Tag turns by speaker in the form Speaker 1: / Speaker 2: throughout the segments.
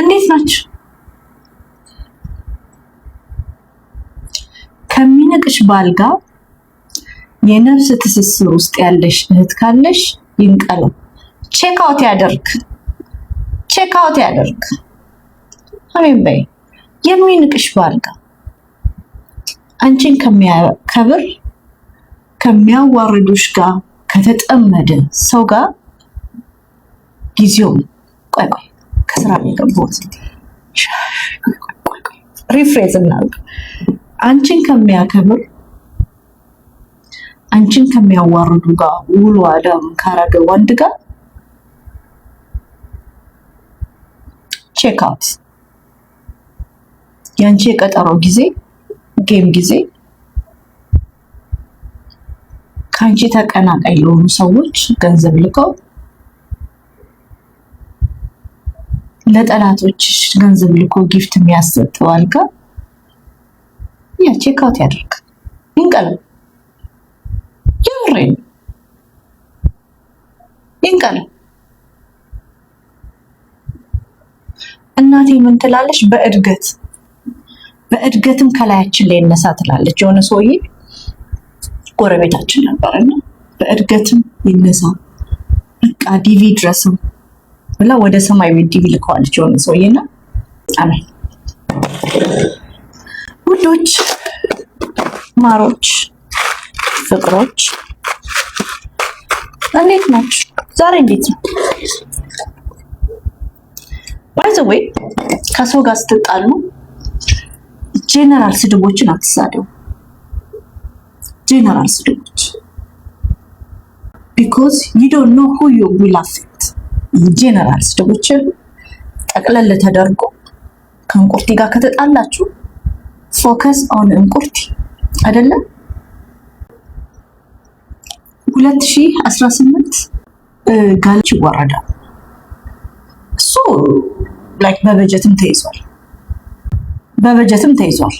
Speaker 1: እንዴት ናችሁ? ከሚንቅሽ ባል ጋር የነፍስ ትስስር ውስጥ ያለሽ እህት ካለሽ ይንቀለው። ቼክ አውት ያደርግ፣ ቼክ አውት ያደርግ። አሜን በይ። የሚንቅሽ ባል ጋር አንቺን ከሚያከብር ከሚያዋርዱሽ ጋር ከተጠመደ ሰው ጋር ጊዜው ቆይ ቆይ ከስራ ሚቀቦት ሪፍሬዝ እናርግ። አንቺን ከሚያከብር አንቺን ከሚያዋርዱ ጋር ውሎ አዳም ካረገ ወንድ ጋር ቼክ አውት የአንቺ የቀጠሮ ጊዜ ጌም ጊዜ ከአንቺ ተቀናቃይ ለሆኑ ሰዎች ገንዘብ ልከው ለጠላቶችሽ ገንዘብ ልኮ ጊፍት የሚያሰጠው አልጋ ያ ቼክአውት ያደርግ ይንቀል ይምሬ ይንቀል። እናቴ ምን ትላለች? በእድገት በእድገትም ከላያችን ላይ እነሳ ትላለች። የሆነ ሰውዬ ጎረቤታችን ነበርና በእድገትም ይነሳ በቃ ዲቪ ድረስም ብላ ወደ ሰማይ ምድብ ይልከዋለች የሆነ ሰውዬና አሜን ውዶች፣ ማሮች፣ ፍቅሮች እንዴት ናችሁ? ዛሬ እንዴት ነው? ባይዘወይ ከሰው ጋር ስትጣሉ ጄነራል ስድቦችን አትሳደቡ። ጄነራል ስድቦች ቢኮዝ ዩ ዶንት ኖ ሁ ዩ ዊል አፌክት ጄነራል ስድቦችን ጠቅለል ተደርጎ ከእንቁርቲ ጋር ከተጣላችሁ ፎከስ ኦን እንቁርቲ አይደለም። 2018 ጋልች ይዋረዳል። እሱ ላይክ በበጀትም ተይዟል፣ በበጀትም ተይዟል።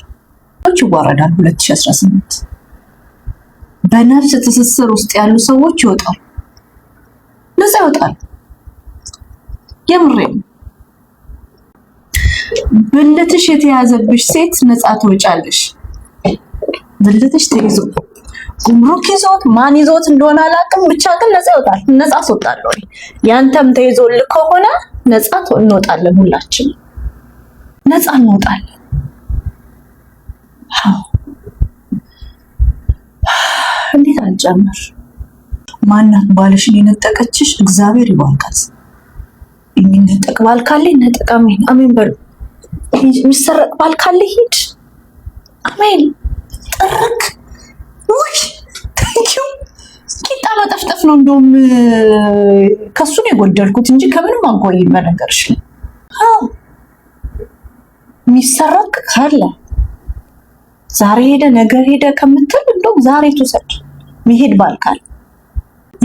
Speaker 1: ሰዎች ይዋረዳል። 2018 በነፍስ ትስስር ውስጥ ያሉ ሰዎች ይወጣሉ፣ ነፃ ይወጣሉ። የምሬ ብልትሽ የተያዘብሽ ሴት ነጻ ትወጫለሽ። ብልትሽ ተይዞ ጉምሩክ ይዞት ማን ይዞት እንደሆነ አላውቅም፣ ብቻ ግን ነጻ ይወጣል። ነጻ ወይ ያንተም ተይዞል ከሆነ ነጻ እንወጣለን፣ ሁላችን ነጻ እንወጣለን። እንዴት አልጨምር ማናት ባልሽን የነጠቀችሽ? እግዚአብሔር ይባርካት። የሚነጠቅ ባል ካለ አሜን አሜን በሉ። የሚሰረቅ ባል ካለ ሂድ። አሜን ጥርቅ። ውይ ቂጣ መጠፍጠፍ ነው እንደውም ከሱ ነው የጎደልኩት እንጂ ከምንም አልጎይም። በነገርሽ ላይ የሚሰረቅ ካለ ዛሬ ሄደ ነገር ሄደ ከምትል እንደውም ዛሬ ትውሰድ። መሄድ ባል ካለ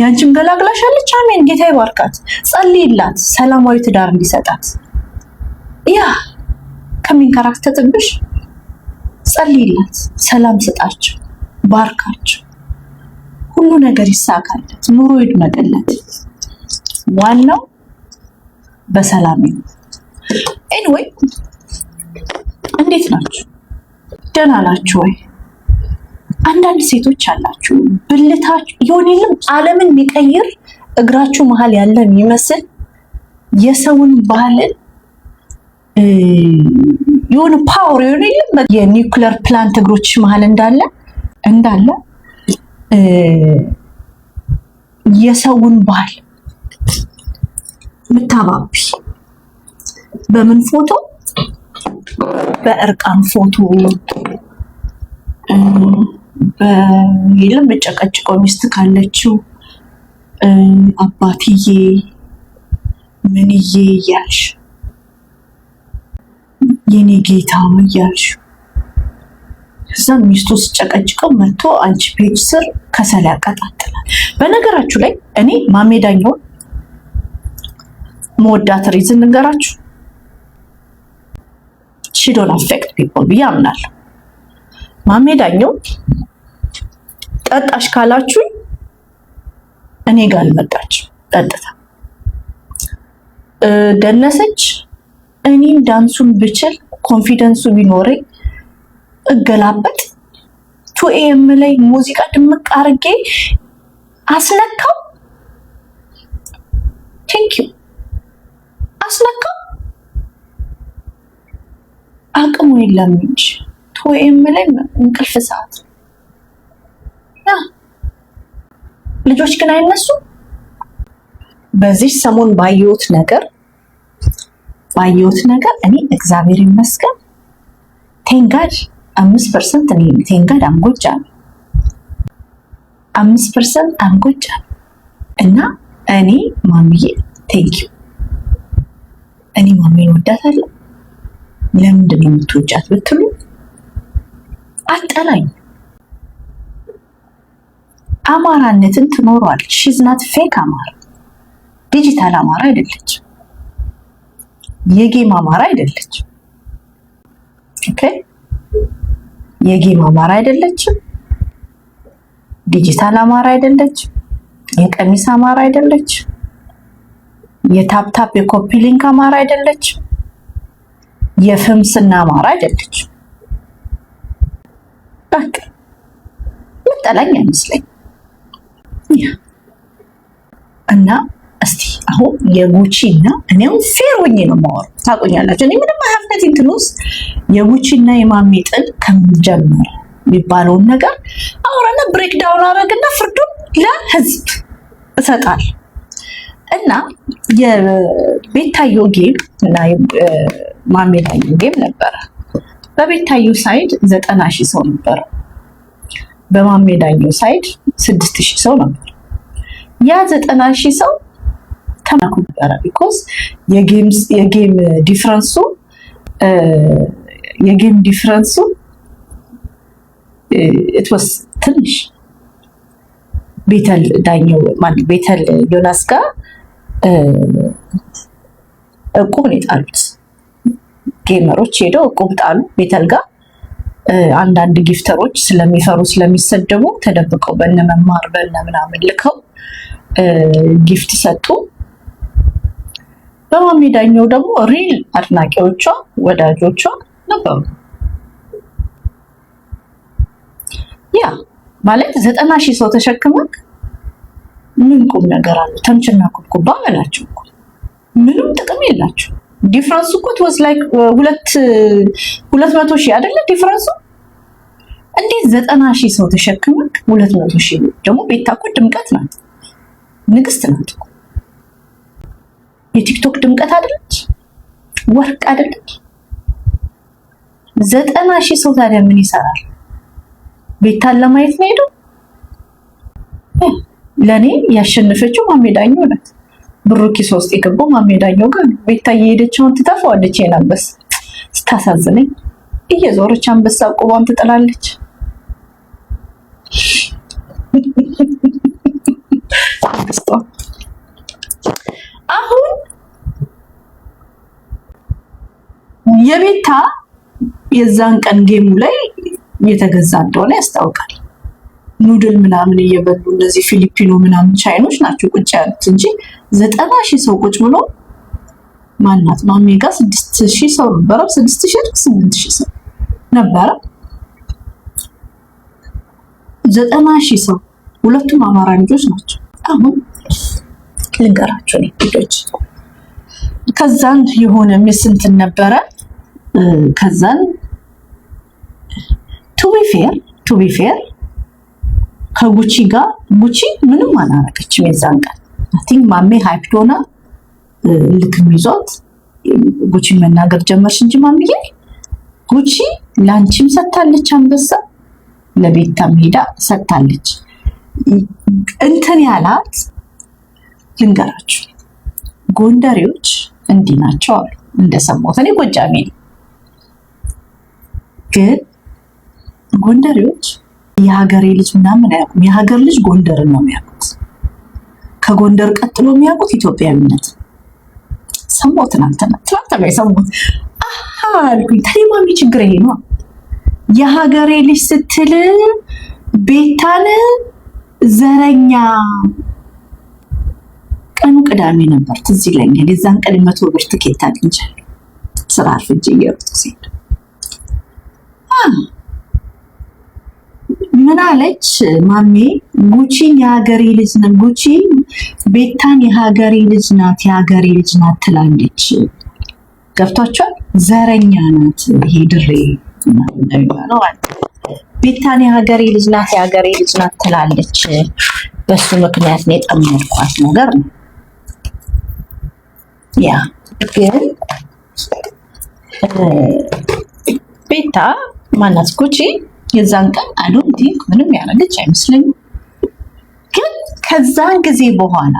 Speaker 1: ያንቺም ገላግላሻለች። አሜን። ጌታ ይባርካት። ጸልይላት፣ ሰላማዊ ትዳር እንዲሰጣት። ያ ከሚንከራተትብሽ ጸልይላት፣ ሰላም ስጣቸው፣ ባርካቸው። ሁሉ ነገር ይሳካለት፣ ኑሮ ይድመቅለት። ዋናው በሰላም ነው። ኤኒዌይ እንዴት ናችሁ? ደህና ናችሁ ወይ? አንዳንድ ሴቶች አላችሁ ብልታችሁ የሆነ የለም ዓለምን የሚቀይር እግራችሁ መሀል ያለ የሚመስል የሰውን ባህልን የሆነ ፓወር የሆነ የለም የኒውክለር ፕላንት እግሮች መሀል እንዳለ እንዳለ የሰውን ባህል ምታባቢ በምን ፎቶ በእርቃን ፎቶ በሌላም መጨቀጭቀው ሚስት ካለችው አባትዬ ምንዬ እያልሽ የኔ ጌታ እያልሽ እዛ ሚስቱ ስጨቀጭቀው መጥቶ አንቺ ፔጅ ስር ከሰል ያቀጣጥላል። በነገራችሁ ላይ እኔ ማሜዳኛው መወዳት ሪዝን ንገራችሁ ሺ ዶን አፌክት ፒፕል ብዬ አምናለሁ። ጠጣሽ ካላችሁ እኔ ጋር አልመጣችም። ጠጥታ ደነሰች። እኔም ዳንሱን ብችል ኮንፊደንሱ ቢኖረኝ እገላበጥ ኤም ላይ ሙዚቃ ድምቅ አርጌ አስነካው። ቴንክ ዩ አስነካው። አቅሙ የለም እንጂ ኤም ላይ እንቅልፍ ሰዓት ልጆች ግን አይነሱ። በዚህ ሰሞን ባየሁት ነገር ባየሁት ነገር እኔ እግዚአብሔር ይመስገን ቴንጋድ አምስት ፐርሰንት እኔ ቴንጋድ አንጎጃለሁ አምስት ፐርሰንት አንጎጃለሁ እና እኔ ማሚዬ ቴንኪው እኔ ማሚን ወዳታለሁ። ለምንድን ነው የምትወጃት ብትሉ አጠላኝ አማራነትን ትኖሯለች። ሺዝ ናት ፌክ አማራ፣ ዲጂታል አማራ አይደለች፣ የጌም አማራ አይደለች፣ ኦኬ የጌም አማራ አይደለችም፣ ዲጂታል አማራ አይደለችም፣ የቀሚስ አማራ አይደለችም፣ የታፕታፕ የኮፒ ሊንክ አማራ አይደለችም፣ የፍምስና አማራ አይደለችም። በቃ ምጠላኝ አይመስለኝ እና እስቲ አሁን የጉቺ እና እኔም ፌር ሆኜ ነው የማወራው። ታቆኛላቸው እኔ ምንም ሀፍነት እንትን የጉቺ እና የማሜ ጥል ከምጀምር የሚባለውን ነገር አውራና ብሬክዳውን አረግና ፍርዱን ለህዝብ እሰጣል እና የቤታዮ ጌም እና ማሜ ጌም ነበረ። በቤታዮ ሳይድ ዘጠና ሺህ ሰው ነበረ። በማሜ ዳኘው ሳይድ ስድስት ሺህ ሰው ነበር። ያ ዘጠና ሺህ ሰው ተመኩ ነበረ። ቢኮዝ የጌም ዲፍረንሱ የጌም ዲፍረንሱ ኢትወስ ትንሽ ቤተል ዳኘው ማለት ቤተል ዮናስ ጋር እቁብ ነው የጣሉት ጌመሮች ሄደው እቁብ ጣሉ ቤተል ጋር አንዳንድ ጊፍተሮች ስለሚፈሩ ስለሚሰደቡ ተደብቀው በነ መማር በነ ምናምን ልከው ጊፍት ሰጡ። በማሚ ዳኘው ደግሞ ሪል አድናቂዎቿ ወዳጆቿ ነበሩ። ያ ማለት ዘጠና ሺህ ሰው ተሸክመክ ምን ቁም ነገር አለው? ተምችና ኩብኩባ በላቸው። ምንም ጥቅም የላቸው። ዲፍረንሱ እኮ ትወስ ላይክ uh, ሁለት ሁለት መቶ ሺህ አይደለ ዲፍረንሱ። እንዴት ዘጠና ሺህ ሰው ተሸክመክ ሁለት መቶ ሺህ ደግሞ ቤታ እኮ ድምቀት ናት፣ ንግስት ናት የቲክቶክ ድምቀት አይደለች፣ ወርቅ አይደለች። ዘጠና ሺህ ሰው ታዲያ ምን ይሰራል? ቤታን ለማየት ነው ሄደው። ለእኔ ያሸንፈችው ማሜዳኝ ሆነት ብሩኪ ሶስት የገባው ማሜዳኛው ግን ቤታ እየሄደችውን ትተፋዋለች። የናበስ ስታሳዝነኝ እየዞረች አንበሳ ቁቧን ትጥላለች። አሁን የቤታ የዛን ቀን ጌሙ ላይ የተገዛ እንደሆነ ያስታውቃል። ኑድል ምናምን እየበሉ እነዚህ ፊሊፒኖ ምናምን ቻይኖች ናቸው ቁጭ ያሉት እንጂ ዘጠና ሺህ ሰው ቁጭ ብሎ ማናት ማሜ ጋር ስድስት ሺህ ሰው ነበረ። ስድስት ሺህ ስምንት ሺህ ሰው ነበረ። ዘጠና ሺህ ሰው ሁለቱም አማራ ልጆች ናቸው። አሁን ልንገራቸው ነ ልጆች። ከዛን የሆነ ምስንትን ነበረ። ከዛን ቱቢፌር ቱቢፌር ከጉቺ ጋር ጉቺ ምንም አላረገችም የዛን ቀን ቲንክ ማሜ ሀይፕድ ሆና ልክም ይዟት ጉቺ መናገር ጀመርሽ እንጂ ማምዬ ጉቺ ለአንቺም ሰጥታለች፣ አንበሳ ለቤታም ሄዳ ሰጥታለች። እንትን ያላት ልንገራችሁ፣ ጎንደሬዎች እንዲህ ናቸው አሉ እንደሰማሁት። እኔ ጎጃሜ ነው፣ ግን ጎንደሬዎች የሀገሬ ልጅ ምናምን አያውቁም። የሀገር ልጅ ጎንደርን ነው የሚያውቁት። ከጎንደር ቀጥሎ የሚያውቁት ኢትዮጵያዊነት ሰማሁ። ትናንትና ትናንትና የሰማሁት አልኩኝ። ችግር ይሄ ነው። የሀገሬ ልጅ ስትል ቤታን ዘረኛ ቀኑ ቅዳሜ ነበር፣ ትዝ ይለኛል። የዛን ቀን መቶ ብር ትኬት አግኝቻለሁ። ስራ አርፍጄ እየሮጥኩ ሲሄድ ምን አለች ማሜ? ጉቺን የሀገሬ ልጅ ናት፣ ጉቺ ቤታን የሀገሬ ልጅ ናት፣ የሀገሬ ልጅ ናት ትላለች። ገብቷቸዋል። ዘረኛ ናት። ይሄ ድሬ ቤታን የሀገሬ ልጅ ናት፣ የሀገሬ ልጅ ናት ትላለች። በሱ ምክንያት ነው የጠመድኳት ነገር ነው። ያ ግን ቤታ ማናት ጉቺ የዛን ቀን አዶን ቲንክ ምንም ያደረገች አይመስለኝም። ግን ከዛን ጊዜ በኋላ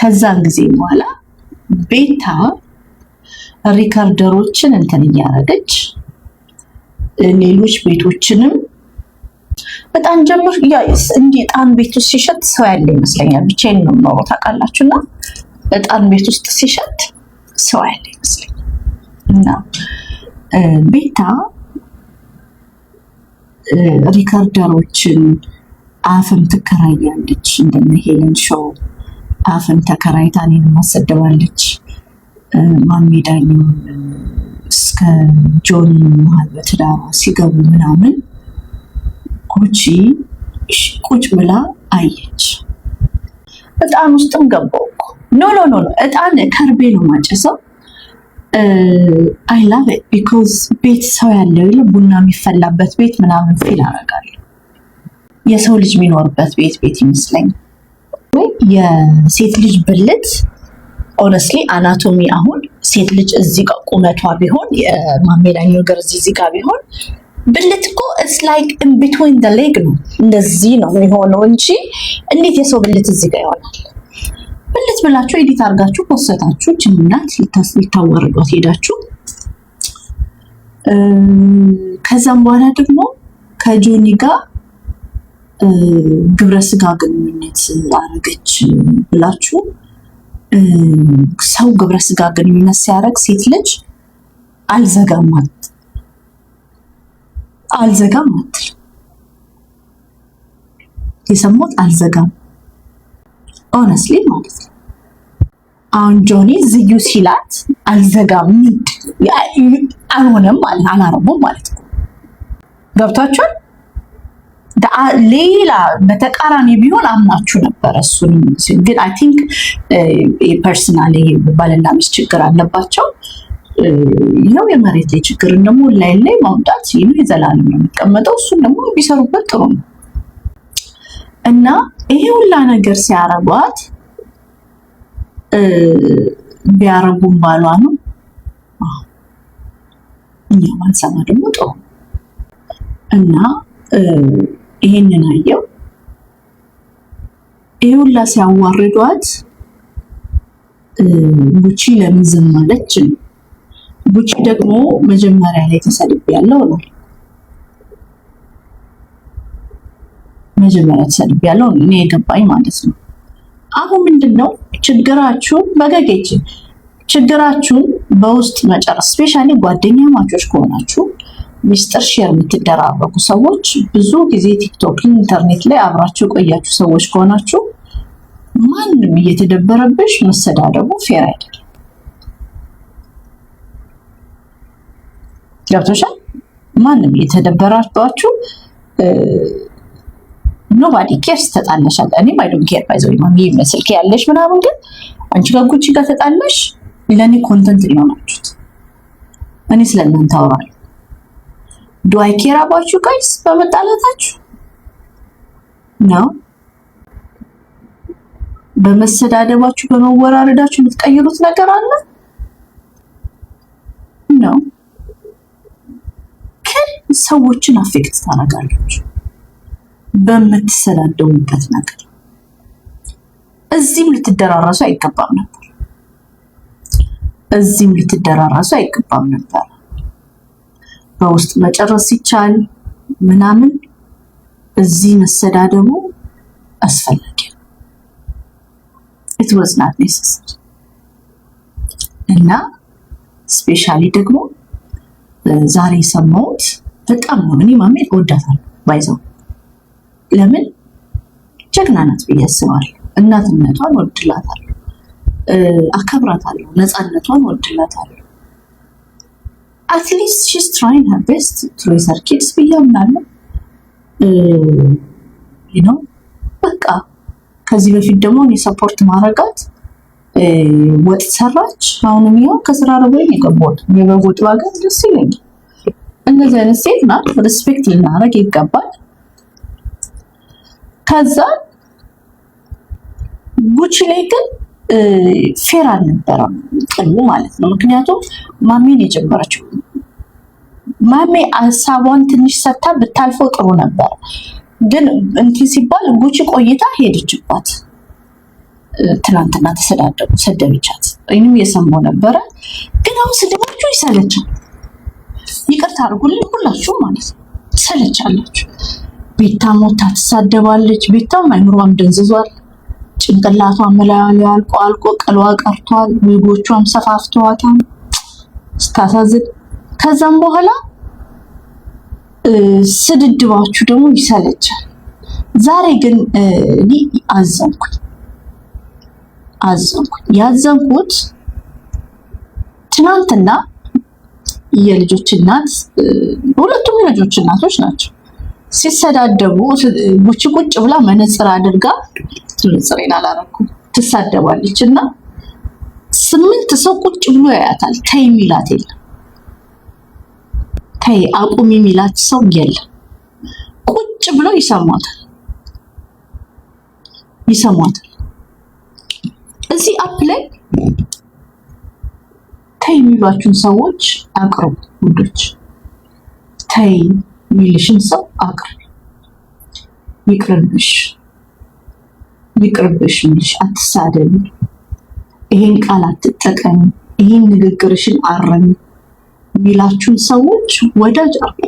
Speaker 1: ከዛን ጊዜ በኋላ ቤታ ሪከርደሮችን እንትን እያደረገች ሌሎች ቤቶችንም በጣም ጀምር እንዲ እጣን ቤት ውስጥ ሲሸጥ ሰው ያለ ይመስለኛል። ብቻዬን ነው የምኖረው ታውቃላችሁ። እና እጣን ቤት ውስጥ ሲሸጥ ሰው ያለ ይመስለኛል እና ቤታ ሪከርደሮችን አፍን ትከራያለች። እንደነ ሄለን ሾው አፍን ተከራይታ እኔን ማሰደባለች። ማሜ ዳኘውን እስከ ጆኒ መሀል በትዳሯ ሲገቡ ምናምን ጉቺ ቁጭ ብላ አየች። እጣን ውስጥም ገባው እኮ ኖ ኖ ኖ እጣን ከርቤ ነው ማጨሰው አይ ላቭ ኢት ቢኮዝ ቤት ሰው ያለው የለ ቡና የሚፈላበት ቤት ምናምን ፊል አደርጋለሁ። የሰው ልጅ የሚኖርበት ቤት ቤት ይመስለኝ ወይ የሴት ልጅ ብልት ኦነስትሊ አናቶሚ አሁን ሴት ልጅ እዚህ ጋር ቁመቷ ቢሆን የማሜላኛ ነገር እዚህ ጋር ቢሆን ብልት እኮ ኢትስ ላይክ ኢን ቢትዊን ደ ሌግ ነው እንደዚህ ነው የሚሆነው እንጂ እንዴት የሰው ብልት እዚህ ጋር ይሆናል? ብልት ብላችሁ ኤዲት አድርጋችሁ ወሰታችሁ ችምናት ልታዋርዷት ሄዳችሁ። ከዛም በኋላ ደግሞ ከጆኒ ጋር ግብረ ስጋ ግንኙነት አረገች ብላችሁ ሰው ግብረ ስጋ ግንኙነት ሲያደርግ ሴት ልጅ አልዘጋም አልዘጋም አትል የሰሞት አልዘጋም ኦነስሊ ማለት ነው። አሁን ጆኒ ዝዩ ሲላት አልዘጋም፣ ሚድ አልሆነም ማለት አላረቡም ማለት ነው። ገብቷችኋል? ሌላ በተቃራኒ ቢሆን አምናችሁ ነበረ። እሱን ግን አይ ቲንክ ፐርሰናል ባልና ሚስት ችግር አለባቸው። ይኸው የመሬት ላይ ችግርን ደግሞ ላይ ላይ ማውጣት ይህ የዘላለም ነው የሚቀመጠው። እሱን ደግሞ ቢሰሩበት ጥሩ ነው። እና ይሄ ሁላ ነገር ሲያረጓት ቢያረጉም ባሏ ነው። እኛ ማንሰማ ደግሞ ጥሩ እና ይሄንን አየው። ይሄ ሁላ ሲያዋርዷት ቡቺ ለምን ዝም አለች ነው። ቡቺ ደግሞ መጀመሪያ ላይ ተሰድቤያለሁ ነው መጀመሪያ ተሰድብ ያለው እኔ የገባኝ ማለት ነው። አሁን ምንድን ነው ችግራችሁን በገጌች ችግራችሁን በውስጥ መጨረስ ስፔሻሊ ጓደኛ ማቾች ከሆናችሁ ሚስጥር ሼር የምትደራረጉ ሰዎች ብዙ ጊዜ ቲክቶክን ኢንተርኔት ላይ አብራችሁ የቆያችሁ ሰዎች ከሆናችሁ ማንም እየተደበረብሽ መሰዳደቡ ፌር አይደለም። ገብቶሻል? ማንም እየተደበራባችሁ ኖባዲ ኬርስ ተጣለሻል። እኔም አይዶን ኬር ባይዘው ማሚ ስልክ ያለሽ ምናምን፣ ግን አንቺ ጋር ጉቺ ጋር ተጣለሽ ለእኔ ኮንተንት ሊሆናችሁት እኔ ስለ እናንተ አወራለሁ። ዱአይ ኬር አባችሁ ጋይስ በመጣላታችሁ ነው በመሰዳደባችሁ በመወራረዳችሁ የምትቀይሩት ነገር አለ ነው። ግን ሰዎችን አፌክት ታደርጋለች። በምትሰዳደቡበት ነገር እዚህም ልትደራረሱ አይገባም ነበር። እዚህም ልትደራረሱ አይገባም ነበር። በውስጥ መጨረስ ሲቻል ምናምን እዚህ መሰዳደሙ አስፈላጊ ነው። ኢት ዋዝ ናት ኔሰሰሪ እና ስፔሻሊ ደግሞ ዛሬ የሰማሁት በጣም ነው። እኔ ማሜ እወዳታለሁ ባይዘው ለምን ጀግና ናት ብዬ አስባለሁ። እናትነቷን ወድላታለሁ፣ አከብራታለሁ፣ ነፃነቷን ወድላታለሁ። አትሊስት ሺስ ትራይንግ ሀር ቤስት ትሬዘር ኪድስ ብዬ አምናለሁ። ነው በቃ ከዚህ በፊት ደግሞ እኔ ሰፖርት ማረጋት ወጥ ሰራች። አሁንም ያው ከስራ ረቦኝ የገባሁት የበግ ወጥ ደስ ይለኛል። እንደዚህ አይነት ሴት ናት፣ ሪስፔክት ልናረግ ይገባል። ከዛ ጉቺ ላይ ግን ፌር አልነበረም ጥሉ ማለት ነው። ምክንያቱም ማሜን የጀመረችው ማሜ ሀሳቧን ትንሽ ሰታ ብታልፈው ጥሩ ነበር፣ ግን እንትን ሲባል ጉቺ ቆይታ ሄደችባት። ትናንትና ተሰዳደቡ፣ ሰደብቻት። ይህንም የሰማው ነበረ። ግን አሁን ስድባችሁ ይሰለቻል። ይቅርታ አድርጉልን ሁላችሁ ማለት ነው። ትሰለቻላችሁ። ቤታ ሞታ ትሳደባለች። ቤታም አይምሯም ደንዝዟል። ጭንቅላቷ መላያሉ አልቆ አልቆ ቅሏ ቀርቷል። ዊጎቿም ሰፋፍተዋታል። ስታሳዝን ከዛም በኋላ ስድድባችሁ ደግሞ ይሰለቻል። ዛሬ ግን እኔ አዘንኩኝ አዘንኩኝ። ያዘንኩት ትናንትና የልጆች እናት ሁለቱም የልጆች እናቶች ናቸው ሲሰዳደቡ ጉቺ ቁጭ ብላ መነጽር አድርጋ መነጽሬን አላረኩም ትሳደባለች እና ስምንት ሰው ቁጭ ብሎ ያያታል። ተይ ሚላት የለም። ተይ አቁሚ ሚላት ሰው የለም። ቁጭ ብሎ ይሰማታል ይሰማታል። እዚህ አፕ ላይ ተይ የሚሏችሁን ሰዎች አቅርቡ ውዶች ተይ የሚልሽን ሰው አቅርቢ። ይቅርብሽ፣ ይቅርብሽ የሚልሽ አትሳደቢ፣ ይሄን ቃል አትጠቀሚ፣ ይሄን ንግግርሽን አረሚ የሚላችሁን ሰዎች ወዳጅ አርጉ።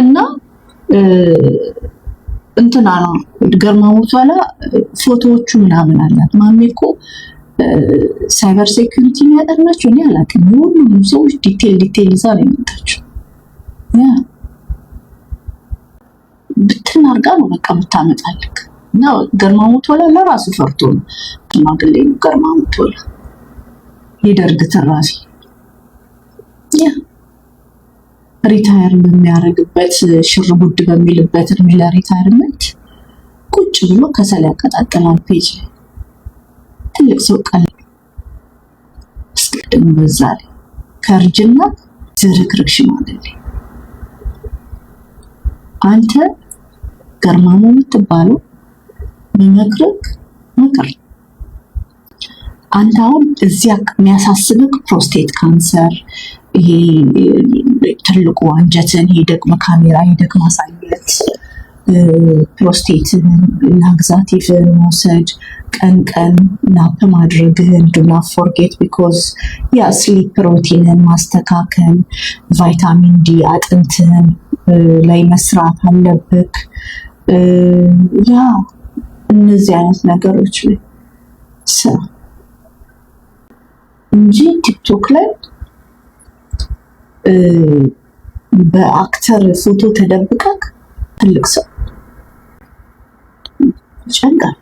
Speaker 1: እና እንትና ነው ገርማሞቷ ላይ ፎቶዎቹ ምናምን አላት። ማሜ እኮ ሳይበር ሴኩሪቲ የሚያጠናቸው እኔ አላውቅም። የሁሉም ሰዎች ዲቴል ዲቴል ይዛ ነው የመጣችው። ብትን አርጋ ነው በቃ የምታመጣልክ። እና ገርማ ሞቶላ ለራሱ ፈርቶ ነው ሽማግሌ ነው ገርማ ሞቶላ የደርግ ተራፊ ሪታየር በሚያደርግበት ሽር ጉድ በሚልበት እድሜ ለሪታየርመንት ቁጭ ብሎ ከሰል ያቀጣጠላል። ፔጅ ላይ ትልቅ ሰው ቀል አስቀድሞ በዛ ላይ ከእርጅና ዝርክርክ ሽማግሌ አንተ ገርማሞ የምትባለው የሚመክርክ ምክር አንተ አሁን እዚያ የሚያሳስብህ ፕሮስቴት ካንሰር ይሄ ትልቁ አንጀትን ሄደክ በካሜራ ሄደክ ማሳየት ፕሮስቴትን እና መውሰድ ቀን ቀን ናፕ ማድረግ እንዱና ፎርጌት ቢኮዝ ስሊፕ ፕሮቲንን ማስተካከል፣ ቫይታሚን ዲ አጥንትን ላይ መስራት አለብክ። ያ እነዚህ አይነት ነገሮች ላይ ስራ እንጂ ቲክቶክ ላይ በአክተር ፎቶ ተደብቀክ ትልቅ ሰው ይጨንቃል።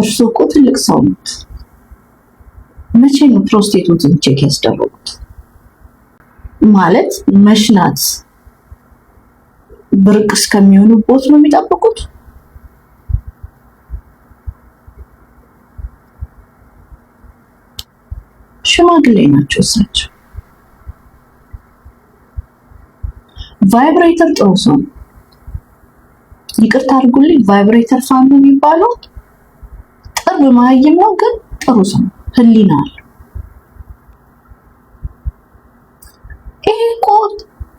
Speaker 1: እርሶ እኮ ትልቅ ሰው ነት። መቼ ነው ፕሮስቴቱትን ቼክ ያስደረጉት? ማለት መሽናት ብርቅ ቦት ነው የሚጠብቁት? ሽማግሌ ናቸው እሳቸው። ቫይብሬተር ጥሩ ሰው ነው። ይቅርታ አድርጉልኝ፣ ቫይብሬተር ፋን ነው የሚባለው ጥር መሀይም ነው፣ ግን ጥሩ ስም ህሊና አለ። ይሄ እኮ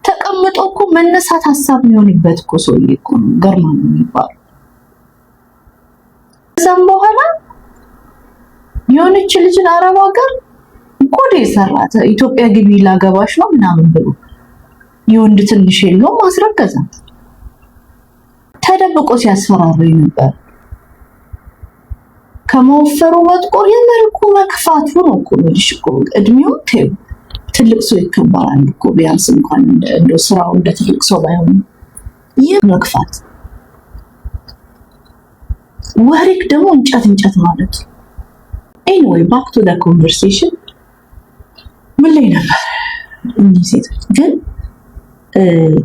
Speaker 1: ተቀምጦ እኮ መነሳት ሀሳብ የሚሆንበት እኮ ሰውዬ እኮ ነው ገርማ ነው የሚባለው። እዛም በኋላ የሆነች ልጅን አረብ ሀገር ጎዴ የሰራት ኢትዮጵያ ግቢ ላገባሽ ነው ምናምን ብሎ የወንድ ትንሽ የለውም አስረገዛት። ተደብቆ ሲያስፈራሩኝ ነበር። ከመወፈሩ ወጥቆ የምር እኮ መክፋቱ ነው እኮ ልሽ እኮ እድሜው ትልቅ ሰው ይከበራል እኮ ቢያንስ እንኳን እንደ ስራው እንደ ትልቅ ሰው ባይሆን ይህ መክፋት ወሪክ ደግሞ እንጨት እንጨት ማለት ነው። ኤኒዌይ ባክ ቱ ደ ኮንቨርሴሽን ምን ላይ ነበር እኚህ ሴቶች ግን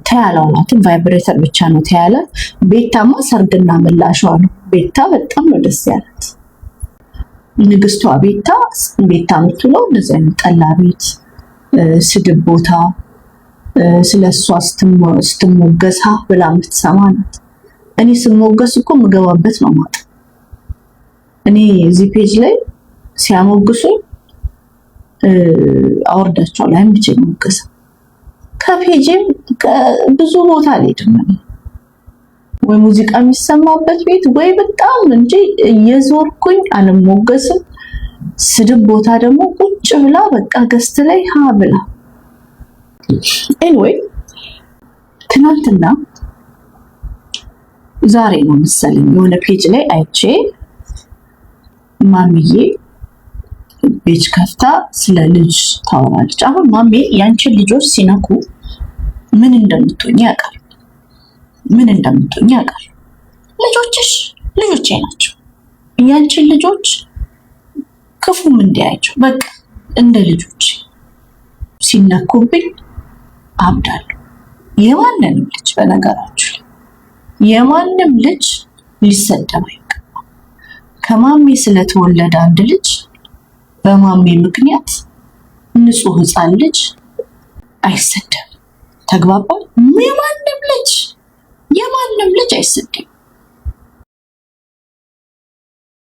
Speaker 1: ተያለው ማለትም ቫይብሬተር ብቻ ነው ተያለ። ቤታማ ሰርድና ምላሿ ነው። ቤታ በጣም ነው ደስ ያላት። ንግስቷ ቤታ ቤታ የምትለው እንደዚህ አይነት ጠላ ቤት፣ ስድብ ቦታ፣ ስለ እሷ ስትሞገሳ ብላ የምትሰማ ናት። እኔ ስሞገስ እኮ የምገባበት ነው ማጥ እኔ እዚህ ፔጅ ላይ ሲያሞግሱኝ አወርዳቸዋል። አይመቸኝ ሞገሳ ከፔጅ ብዙ ቦታ አልሄድም ወይ ሙዚቃ የሚሰማበት ቤት ወይ በጣም እንጂ እየዞርኩኝ አልሞገስም። ስድብ ቦታ ደግሞ ቁጭ ብላ በቃ ገስት ላይ ሀ ብላ ኤንዌይ ትናንትና ዛሬ ነው መሰለኝ የሆነ ፔጅ ላይ አይቼ ማሚዬ ቤች ከፍታ ስለ ልጅ ታወራለች። አሁን ማሜ ያንቺን ልጆች ሲነኩ ምን እንደምትሆኝ ያውቃል፣ ምን እንደምትሆኝ ያውቃል። ልጆችሽ ልጆቼ ናቸው። ያንቺን ልጆች ክፉም እንዲያያቸው በቃ እንደ ልጆች ሲነኩብኝ አብዳለሁ። የማንንም ልጅ በነገራችሁ ላይ የማንም ልጅ ሊሰደብ አይገባም። ከማሜ ስለተወለደ አንድ ልጅ በማሜ ምክንያት ንጹህ ህፃን ልጅ አይሰደም ተግባባል። የማንም ልጅ የማንም ልጅ አይሰደም።